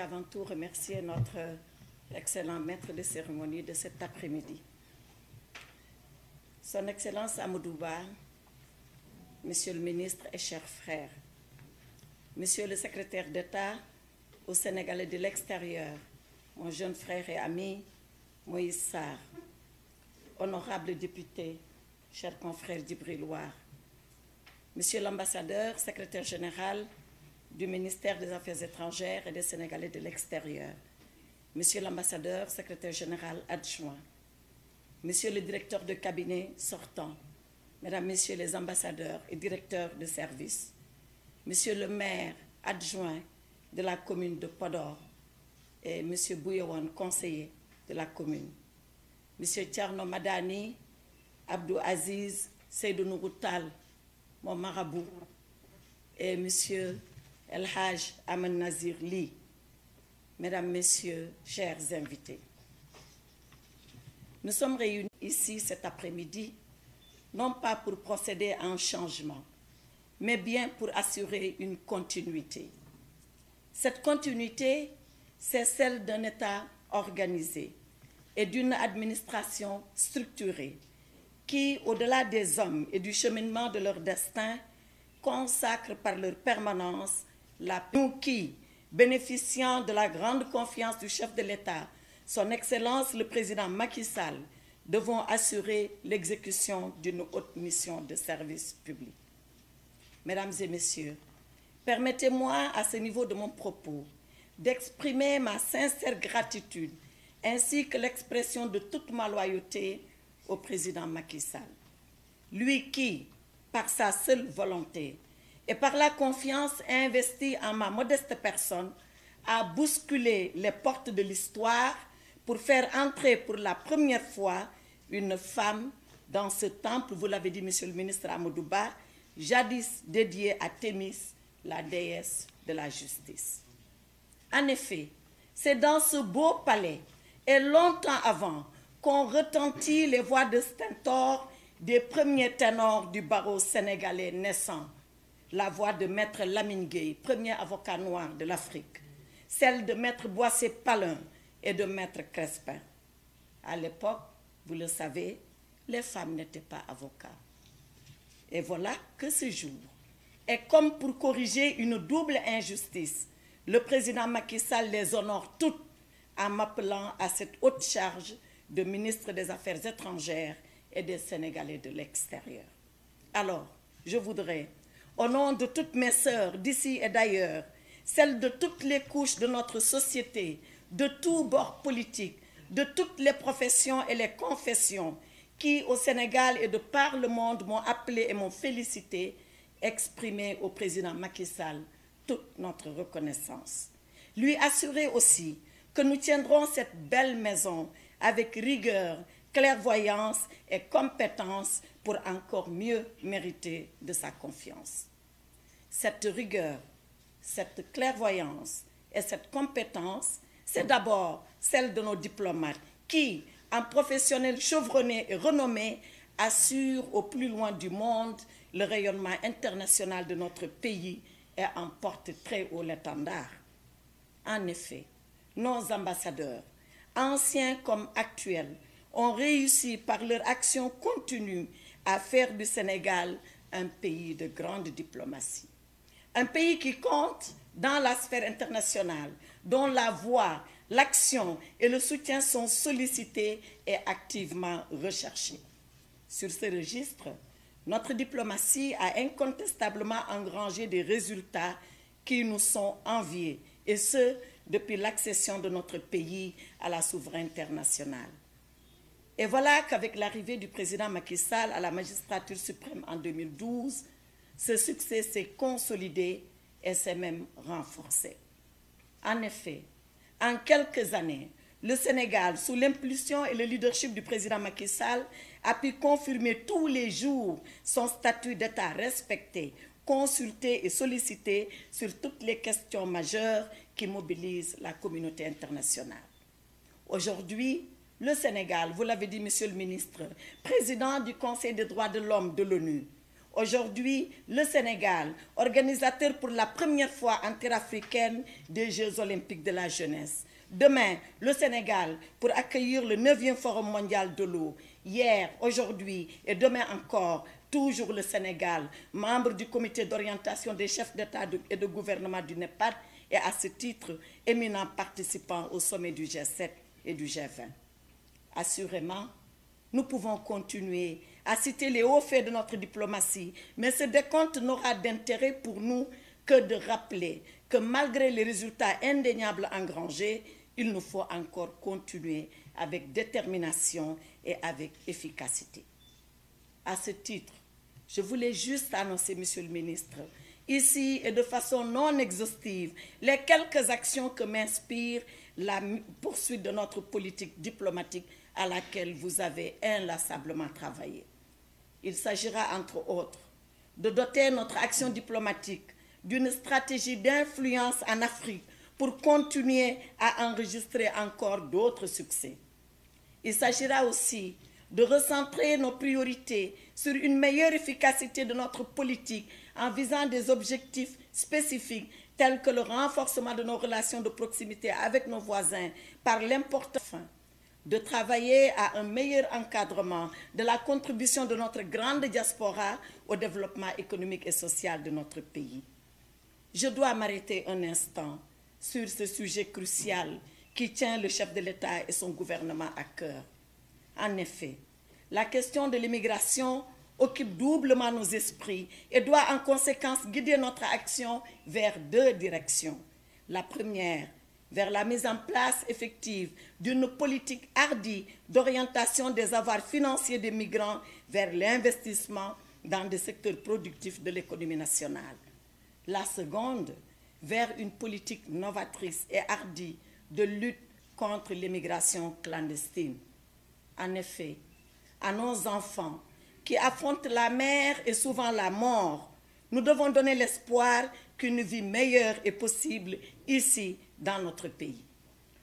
avant tout remercier notre excellent maître de cérémonie de cet après-midi. Son Excellence Amoudouba, Monsieur le ministre et chers frères, Monsieur le secrétaire d'État au Sénégalais de l'extérieur, mon jeune frère et ami Moïse Sarr, honorable député, cher confrère du Monsieur l'ambassadeur, secrétaire général du ministère des Affaires étrangères et des Sénégalais de l'extérieur, Monsieur l'ambassadeur, secrétaire général adjoint, Monsieur le directeur de cabinet sortant, Mesdames, Messieurs les ambassadeurs et directeurs de service, Monsieur le maire adjoint de la commune de Podor et Monsieur Bouyewan conseiller de la commune, Monsieur Tiarno Madani, Abdou Aziz, Seydou Nouroutal, mon marabout, et Monsieur El Hajj Aman Nazir Li, Mesdames, Messieurs, chers invités. Nous sommes réunis ici cet après-midi, non pas pour procéder à un changement, mais bien pour assurer une continuité. Cette continuité, c'est celle d'un État organisé et d'une administration structurée qui, au-delà des hommes et du cheminement de leur destin, consacre par leur permanence la qui, bénéficiant de la grande confiance du chef de l'État, son Excellence le président Macky Sall, devons assurer l'exécution d'une haute mission de service public. Mesdames et messieurs, permettez-moi à ce niveau de mon propos d'exprimer ma sincère gratitude ainsi que l'expression de toute ma loyauté au président Macky Sall, lui qui, par sa seule volonté, et par la confiance investie en ma modeste personne, a bousculé les portes de l'histoire pour faire entrer pour la première fois une femme dans ce temple, vous l'avez dit, monsieur le ministre Amadouba, jadis dédié à Thémis, la déesse de la justice. En effet, c'est dans ce beau palais et longtemps avant qu'on retentit les voix de stentor des premiers ténors du barreau sénégalais naissant, la voix de Maître Lamine premier avocat noir de l'Afrique, celle de Maître Boissé Palin et de Maître Crespin. À l'époque, vous le savez, les femmes n'étaient pas avocats. Et voilà que ce jour est comme pour corriger une double injustice, le président Macky Sall les honore toutes en m'appelant à cette haute charge de ministre des Affaires étrangères et des Sénégalais de l'extérieur. Alors, je voudrais au nom de toutes mes sœurs d'ici et d'ailleurs, celles de toutes les couches de notre société, de tous bords politiques, de toutes les professions et les confessions qui, au Sénégal et de par le monde, m'ont appelé et m'ont félicité, exprimer au président Macky Sall toute notre reconnaissance. Lui assurer aussi que nous tiendrons cette belle maison avec rigueur, clairvoyance et compétence pour encore mieux mériter de sa confiance. Cette rigueur, cette clairvoyance et cette compétence, c'est d'abord celle de nos diplomates qui, en professionnels chevronnés et renommés, assurent au plus loin du monde le rayonnement international de notre pays et en portent très haut l'étendard. En effet, nos ambassadeurs, anciens comme actuels, ont réussi par leur action continue à faire du Sénégal un pays de grande diplomatie. Un pays qui compte dans la sphère internationale, dont la voix, l'action et le soutien sont sollicités et activement recherchés. Sur ce registre, notre diplomatie a incontestablement engrangé des résultats qui nous sont enviés, et ce, depuis l'accession de notre pays à la souveraineté internationale. Et voilà qu'avec l'arrivée du président Macky Sall à la magistrature suprême en 2012, ce succès s'est consolidé et s'est même renforcé. En effet, en quelques années, le Sénégal, sous l'impulsion et le leadership du président Macky Sall, a pu confirmer tous les jours son statut d'État respecté, consulté et sollicité sur toutes les questions majeures qui mobilisent la communauté internationale. Aujourd'hui, le Sénégal, vous l'avez dit, Monsieur le ministre, président du Conseil des droits de l'homme de l'ONU. Aujourd'hui, le Sénégal, organisateur pour la première fois interafricaine des Jeux olympiques de la jeunesse. Demain, le Sénégal, pour accueillir le 9e Forum mondial de l'eau. Hier, aujourd'hui et demain encore, toujours le Sénégal, membre du comité d'orientation des chefs d'État et de gouvernement du Népal, e et à ce titre, éminent participant au sommet du G7 et du G20. Assurément, nous pouvons continuer à citer les hauts faits de notre diplomatie, mais ce décompte n'aura d'intérêt pour nous que de rappeler que malgré les résultats indéniables engrangés, il nous faut encore continuer avec détermination et avec efficacité. À ce titre, je voulais juste annoncer, Monsieur le ministre, ici et de façon non exhaustive, les quelques actions que m'inspire la poursuite de notre politique diplomatique à laquelle vous avez inlassablement travaillé. Il s'agira, entre autres, de doter notre action diplomatique d'une stratégie d'influence en Afrique pour continuer à enregistrer encore d'autres succès. Il s'agira aussi de recentrer nos priorités sur une meilleure efficacité de notre politique en visant des objectifs spécifiques tels que le renforcement de nos relations de proximité avec nos voisins par l'importance de travailler à un meilleur encadrement de la contribution de notre grande diaspora au développement économique et social de notre pays. Je dois m'arrêter un instant sur ce sujet crucial qui tient le chef de l'État et son gouvernement à cœur. En effet, la question de l'immigration occupe doublement nos esprits et doit en conséquence guider notre action vers deux directions. La première, vers la mise en place effective d'une politique hardie d'orientation des avoirs financiers des migrants vers l'investissement dans des secteurs productifs de l'économie nationale. La seconde, vers une politique novatrice et hardie de lutte contre l'immigration clandestine. En effet, à nos enfants qui affrontent la mer et souvent la mort, nous devons donner l'espoir qu'une vie meilleure est possible ici dans notre pays.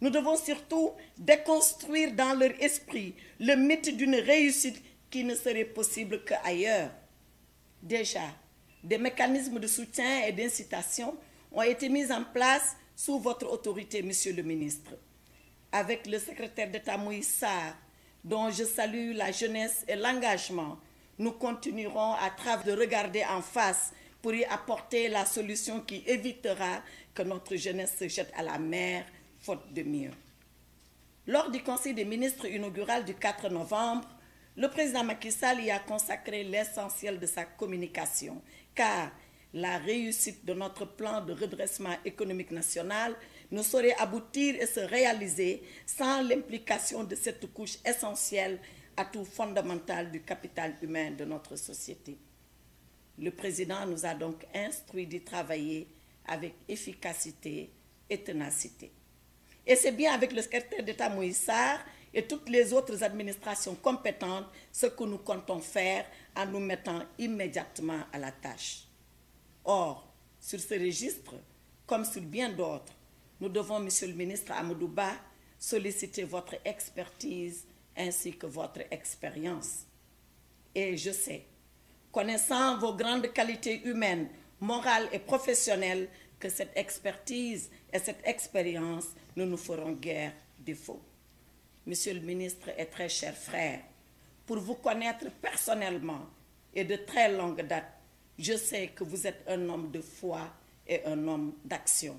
Nous devons surtout déconstruire dans leur esprit le mythe d'une réussite qui ne serait possible qu'ailleurs. Déjà, des mécanismes de soutien et d'incitation ont été mis en place sous votre autorité, Monsieur le ministre, avec le secrétaire d'État Tamouissa, dont je salue la jeunesse et l'engagement. Nous continuerons à travers de regarder en face pour y apporter la solution qui évitera que notre jeunesse se jette à la mer, faute de mieux. Lors du Conseil des ministres inaugural du 4 novembre, le président Macky Sall y a consacré l'essentiel de sa communication, car la réussite de notre plan de redressement économique national ne saurait aboutir et se réaliser sans l'implication de cette couche essentielle à tout fondamental du capital humain de notre société. Le président nous a donc instruit d'y travailler avec efficacité et ténacité. Et c'est bien avec le secrétaire d'État Moïse et toutes les autres administrations compétentes ce que nous comptons faire en nous mettant immédiatement à la tâche. Or, sur ce registre, comme sur bien d'autres, nous devons, Monsieur le ministre Amoudouba, solliciter votre expertise ainsi que votre expérience. Et je sais connaissant vos grandes qualités humaines, morales et professionnelles, que cette expertise et cette expérience ne nous feront guère défaut. Monsieur le ministre et très cher frère, pour vous connaître personnellement et de très longue date, je sais que vous êtes un homme de foi et un homme d'action.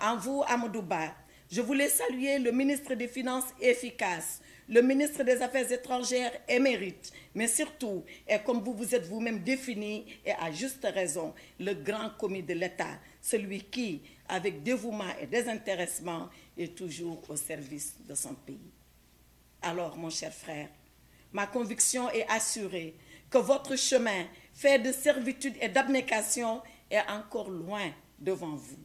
En vous, Amadouba, je voulais saluer le ministre des Finances efficace, le ministre des Affaires étrangères émérite, mais surtout est, comme vous vous êtes vous-même défini, et à juste raison, le grand commis de l'État, celui qui, avec dévouement et désintéressement, est toujours au service de son pays. Alors, mon cher frère, ma conviction est assurée que votre chemin, fait de servitude et d'abnégation, est encore loin devant vous.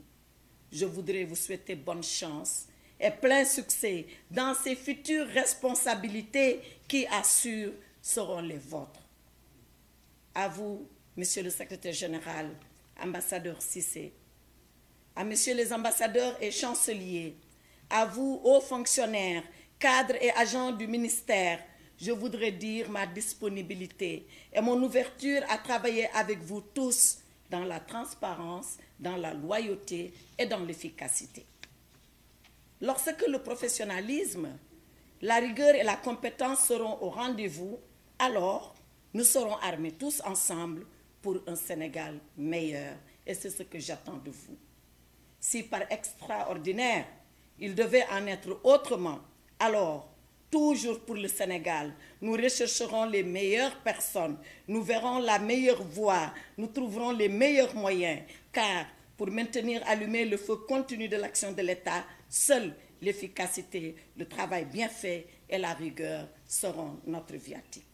Je voudrais vous souhaiter bonne chance et plein succès dans ces futures responsabilités qui, assurent, seront les vôtres. À vous, Monsieur le Secrétaire général, ambassadeur Cissé, à Monsieur les ambassadeurs et chanceliers, à vous, hauts fonctionnaires, cadres et agents du ministère, je voudrais dire ma disponibilité et mon ouverture à travailler avec vous tous dans la transparence, dans la loyauté et dans l'efficacité lorsque le professionnalisme, la rigueur et la compétence seront au rendez-vous, alors nous serons armés tous ensemble pour un Sénégal meilleur. Et c'est ce que j'attends de vous. Si par extraordinaire, il devait en être autrement, alors, toujours pour le Sénégal, nous rechercherons les meilleures personnes, nous verrons la meilleure voie, nous trouverons les meilleurs moyens, car pour maintenir allumé le feu continu de l'action de l'État, Seule l'efficacité, le travail bien fait et la rigueur seront notre viatique.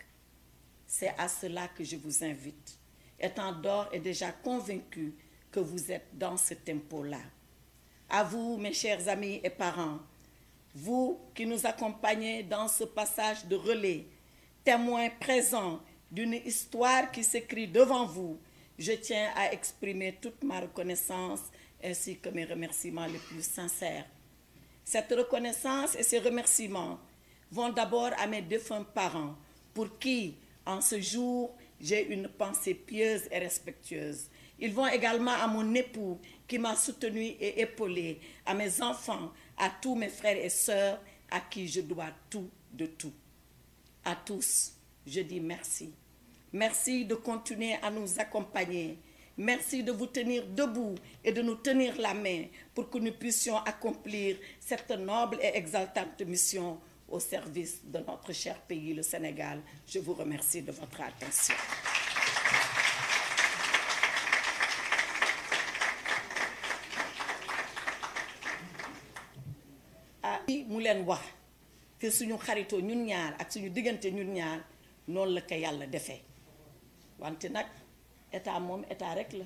C'est à cela que je vous invite, étant d'or et déjà convaincu que vous êtes dans ce tempo-là. À vous, mes chers amis et parents, vous qui nous accompagnez dans ce passage de relais, témoins présents d'une histoire qui s'écrit devant vous, je tiens à exprimer toute ma reconnaissance ainsi que mes remerciements les plus sincères cette reconnaissance et ces remerciements vont d'abord à mes défunts parents, pour qui, en ce jour, j'ai une pensée pieuse et respectueuse. Ils vont également à mon époux qui m'a soutenu et épaulé, à mes enfants, à tous mes frères et sœurs à qui je dois tout de tout. À tous, je dis merci. Merci de continuer à nous accompagner Merci de vous tenir debout et de nous tenir la main pour que nous puissions accomplir cette noble et exaltante mission au service de notre cher pays, le Sénégal. Je vous remercie de votre attention. Ah, état moom état rek la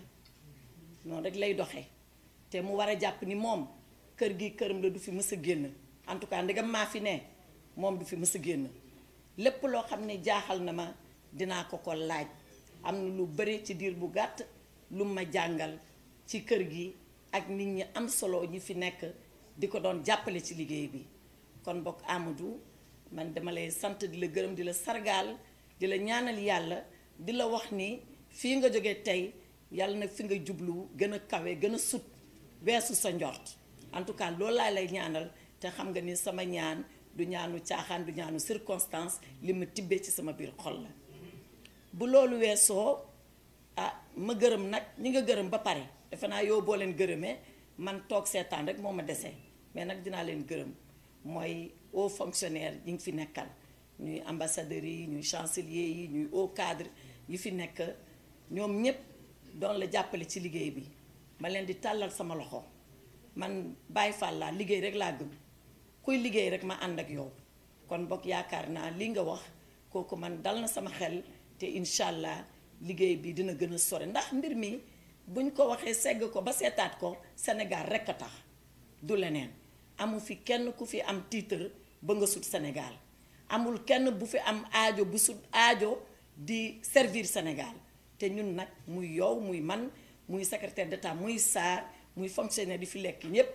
noonu rek lay doxee te mu war a jàpp ni moom kër gi këram la du fi mës génn en tout cas ndegam maa fi ne moom du fi mës génn lépp loo xam ne jaaxal na ma dinaa ko ko laaj am na lu bari ci diir bu gàtt lu ma jàngal ci kër gi ak nit ñi am solo ñi fi nekk di ko doon jàppale ci liggéey bi kon bokk Amadou man dama lay sant di la gërëm di la sargaal di la ñaanal yàlla di la wax ni fii nga jógee tey yàlla nag fi nga jublu gën a kawe gën a sut weesu sa njort en tout cas loolu laa lay ñaanal te xam nga ni sama ñaan du ñaanu caaxaan du ñaanu circonstance li ma tibbee ci sama biir xol la bu loolu weesoo ah ma gërëm nag ñi nga gërëm ba pare defe naa yow boo leen gërëmee man toog seetaan rek moo ma dese mais nag dinaa leen gërëm mooy haut fonctionnaire yi ngi fi nekkal ñuy ambassadeurs yi ñuy chancelier yi ñuy haut cadre yi fi nekk ñoom ñëpp doon la jàppale ci liggéey bi ma leen di tàllal sama loxo man bàyyi Fall laa liggéey rek laa gëm kuy liggéey rek ma ànd ak yow kon bokk yaakaar naa li nga wax kooku man dal na sama xel te incha allah liggéey bi dina gën a sore ndax mbir mi buñ ko waxee segg ko ba seetaat ko Sénégal rek a tax du leneen amu fi kenn ku fi am titre ba nga sut Sénégal amul kenn bu fi am aajo bu sut aajo di servir Sénégal te ñun nag muy yow muy man muy secrétaire d'état muy SAR muy fonctionnaire di fi lekk ñépp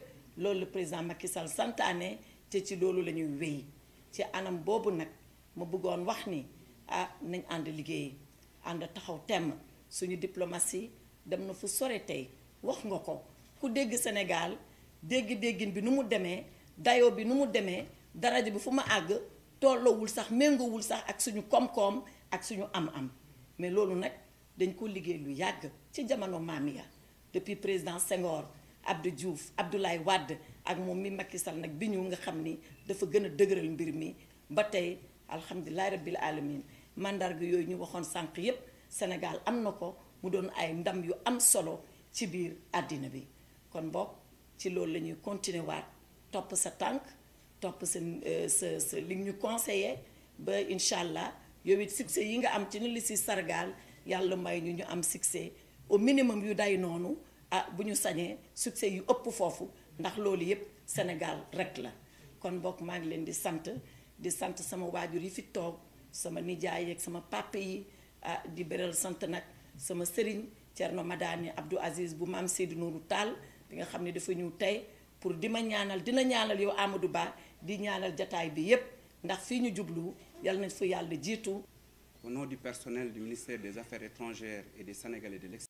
loolu le président Macky Sall santaane te ci loolu la ñuy wéy ci anam boobu nag ma bëggoon wax ni ah nañ ànd liggéey ànd taxaw temm suñu diplomatie dem na fu sore tey wax nga ko ku dégg Sénégal dégg-déggin bi nu mu demee dayoo bi nu mu demee daraja bi fu ma àgg tolloowul sax méngoowul sax ak suñu koom-koom ak suñu am-am mais loolu nag dañ ko liggéey lu yàgg ci jamono maam ya depuis président Senghor Abdou Diouf Abdoulaye Wade ak moom mi Macky nag bi ñu nga xam ni dafa gën a dëgëral mbir mi ba tey alhamdulilah rabbil alamin mandarga yooyu ñu waxoon sànq yépp Sénégal am na ko mu doon ay ndam yu am solo ci biir àddina bi kon bokk ci loolu la ñuy continuer waat topp sa tànk topp sa euh, sa sa li ñu conseiller ba incha allah yow it succès yi nga am ci ni sargaal yàlla may ñu ñu am succès au minimum yu day noonu ah bu ñu sañee succès yu ëpp foofu ndax loolu yépp Sénégal rek la kon bokk maa ngi leen di sant di sant sama waajur yi fi toog sama nijaay ak sama papa yi ah di beral sant nag sama sëriñ Thierno Madani Abdou Aziz bu maam Seydou Nourou taal bi nga xam ne dafa ñëw tey pour di ma ñaanal dina ñaanal yow Amadou Ba di ñaanal jataay bi yépp ndax fii ñu jublu yal na fa yàlla jiitu au nom du personnel du ministère des Affaires étrangères et des Sénégalais de l'extérieur,